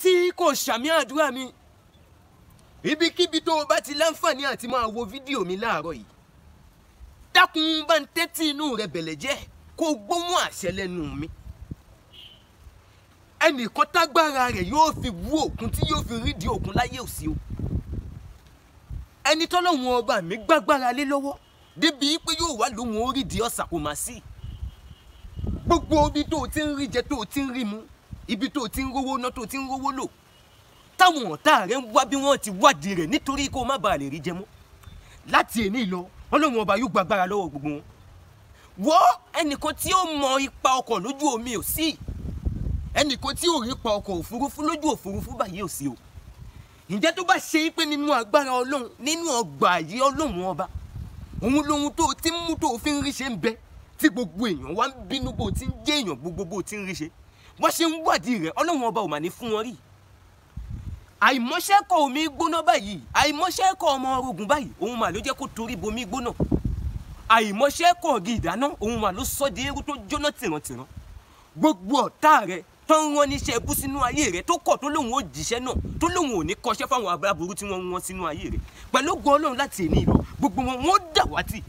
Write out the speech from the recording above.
tí kò ṣàmì àdúrà mi ibikíbi tó o bá ti láǹfààní àti máa wo fídíò mi láàárọ̀ yìí dákun bá ń tẹ́tí inú rẹ bẹ̀lẹ̀ jẹ́ kó o gbóhùn àṣẹ lẹ́nu mi ẹnìkan tágbára rẹ̀ yóò fi wú òkun tí yóò fi rídìí òkun láyé òsì o ẹni tọ́lọ́hun ọba mi gbágbára lé lọ́wọ́ débi pé yóò wá lóhun orídìí ọ̀sà kò má sí gbogbo omi tó o ti ń rí jẹ tó o ti ń rí mu ibi tó ti ń rówó ná tó ti ń rówó lò táwọn ọ̀tá rẹ̀ ń wá bí wọ́n ti wádìí rẹ̀ nítorí kó má bàa lè rí jẹ láti èní lọ ọlọ́run ọba yóò gbàgbára lọ́wọ́ gbogbo wọn wo ẹnìkan tí ó mọ ipa ọkọ̀ lójú omi ò sí ẹnìkan tí ò rí ipa ọkọ̀ òfurufú lójú òfurufú báyìí ò sí o ǹjẹ́ tó bá ṣe pé nínú agbára ọlọ́run nínú ọgbà yìí ọlọ́run ọba òun lóhun tó ti ń mú tó fi ń ríṣe ń bẹ tí gbogbo èèyàn wá ń bínú bó ti ń jẹ́ èèyàn gbogbo bó ti ń ríṣe wọ́n ṣe ń wádìí rẹ̀ ọlọ́run ọba ò mà ní fún wọn rí àìmọ́ṣẹ́kọ̀ omi gbóná báyìí àìmọ́ṣẹ́kọ̀ ọmọ orogun báyìí òun mà ló jẹ́ kó torí bomi gbóná àìmọ́ṣẹ́kọ̀ ọ̀gì ìdáná òun mà ló sọ di eérú tó jóná tìrantìran gbogbo ọ̀tá rẹ̀ tó ń rán níṣẹ́ ẹbú sínú ayé rẹ̀ tó kọ̀ tó lóun ó jíṣẹ́ náà tó lóun ò ní kọṣẹ́ fáwọn aburú tí wọ́n ń wọ́n sínú ayé rẹ̀ pẹ̀lú ògo ọlọ́run láti èní lọ gbogbo wọn wọ́n dàwátì